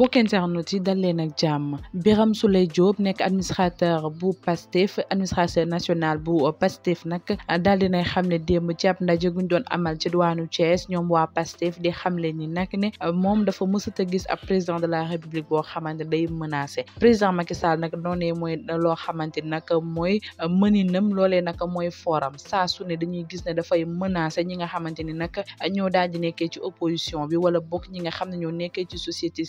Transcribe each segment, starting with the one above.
mbokk internautes yi dal leen ak jàmm Birame Souleye Diop nekk administrateur bu PASTEF administrateur national bu PASTEF nag daal dinay xam ne démb caab ab ndaje guñ doon amal ci diwaanu Thiès ñoom waa PASTEF di xamle ni nag ne moom dafa mësata gis ab président de la république boo xamante day menacé président Macky Sall nag noonee mooy loo xamante nag mooy mëninam loolee nag mooy forum saa su ne dañuy gis ne dafay menacé ñi nga xamante ni nag ñoo daal di nekkee ci opposition bi wala bokk ñi nga xam ne ñoo nekkee ci société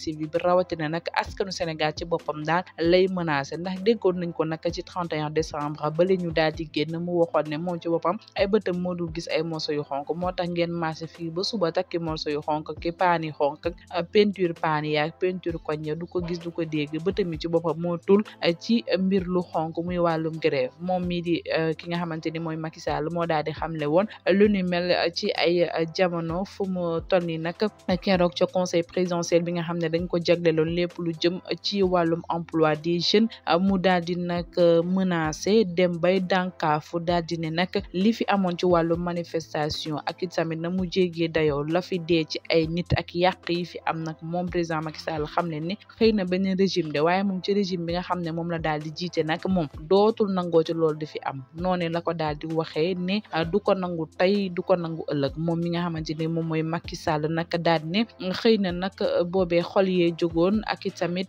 rawatina nag askanu Sénégal ci boppam daal lay menacé ndax déggoon nañ ko nag ci 31 décembre ba li ñu daal di génn mu waxoon ne moom ci boppam ay bëtam moo dul gis ay morceau yu xonk moo tax ngeen marché fii ba suba takki morceau yu xonk ki paani xonk euh, peinture paani yaag peinture koñña du ko gis du ko dégg bëtam yi ci boppam moo tul euh, ci mbir lu xonk muy wàllum grève moom mii di euh, ki nga xamante ni mooy Macky Sall moo daal di xamle woon lu ni mel ci ay jamono fu mu toll jagleloon lépp lu jëm ci wàllum emploi des jeunes mu daal di nag menacé dem bay dànkaafu daal di ne nag li fi amoon ci wàllum manifestation ak it tamit na mu jéggee dayoo la fi dee ci ay nit ak yàq yi fi am nag moom présent Macky Sall xam ne ni xëy na benn régime de waaye moom ci régime bi nga xam ne moom la daal di jiite nag moom dootul nangoo ci lool di fi am noonu la ko daal waxee ne du ko nangu tey du nangu ëllëg moom mi nga xamante ne moom mooy Macky Sall nag ne xëy na nag fee jógoon ak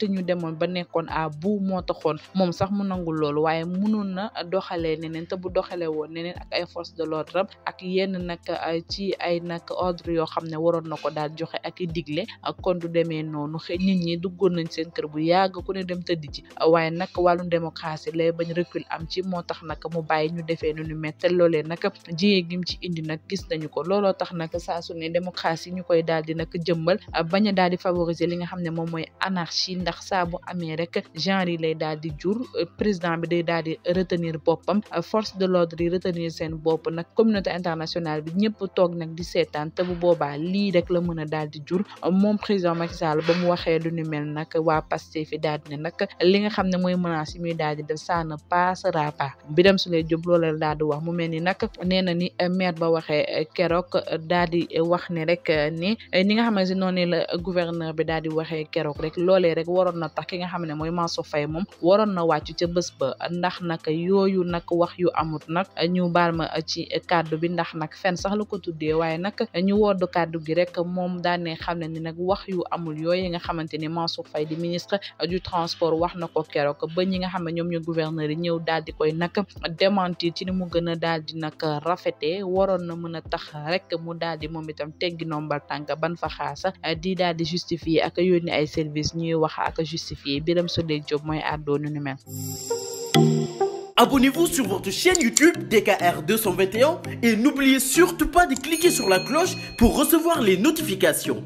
ñu demoon ba nekkoon à bout moo taxoon moom sax mu nangul loolu waaye mënoon na doxalee neneen te bu doxalee woon neneen ak ay force de l'ordre ak yenn nag euh, yoo xam ne waroon na ko daal joxe ak i digle kon du demee noonu xëy nit ñi duggoon nañ seen kër bu yàgg ku ne dem tëdd ci waaye nag wàllum démocratie lay bañ recul am ci moo tax nag mu bàyyi ñu defee nu ñu mette loolee nag jiyee gim ci indi nag gis nañu ko looloo tax nag saa su ne démocratie ñu koy daal di nag jëmmal bañ a daal di favoriser li xam ne moom mooy anarchie ndax saa bu amee rek genre yi lay daal di jur président bi day daal di retenir boppam force de l'ordre yi retenir seen bopp nag communauté internationale bi ñëpp toog nag di seetaan te bu boobaa lii rek la mën a daal di jur moom président Macky Sall ba mu waxee lu ñu mel nag waa Pastef fi daal di ne nag li nga xam ne mooy menace yi muy daal di def ça ne passera pas Birame Souleye Diop loola daal di wax mu mel ni nag nee na ni maire ba waxee keroog daal di wax ne rek ni ni nga xam ne si noonu la gouverneur mooy keroog rek loolee rek waroon na tax ki nga xam mooy Mansour Faye moom waroon na wàcc ca bés ndax nag yooyu nak wax yu amut nag ñu baal ma ci kàddu bi ndax nag fen sax la ko tuddee waaye nag ñu wodd kàddu gi rek moom daane xam ne ni nag wax yu amul yooyu nga xamante ne Mansour Faye di ministre du transport wax na ko keroog ba ñi nga xam ne ñoom ñu gouverneur yi ñëw daal di koy nag démentir ci ni mu gën a daal di nag rafete waroon na mën a tax rek mu daal di moom itam teggi nombal tànk ban fa xaasa di daal di justifier suñu ay service ñuy wax ak justifier Birame Souleye Diop mooy àddoo nu mel. Abonnez-vous sur votre chaîne YouTube DKR et n'oubliez surtout pas de cliquer sur la cloche pour recevoir les notifications.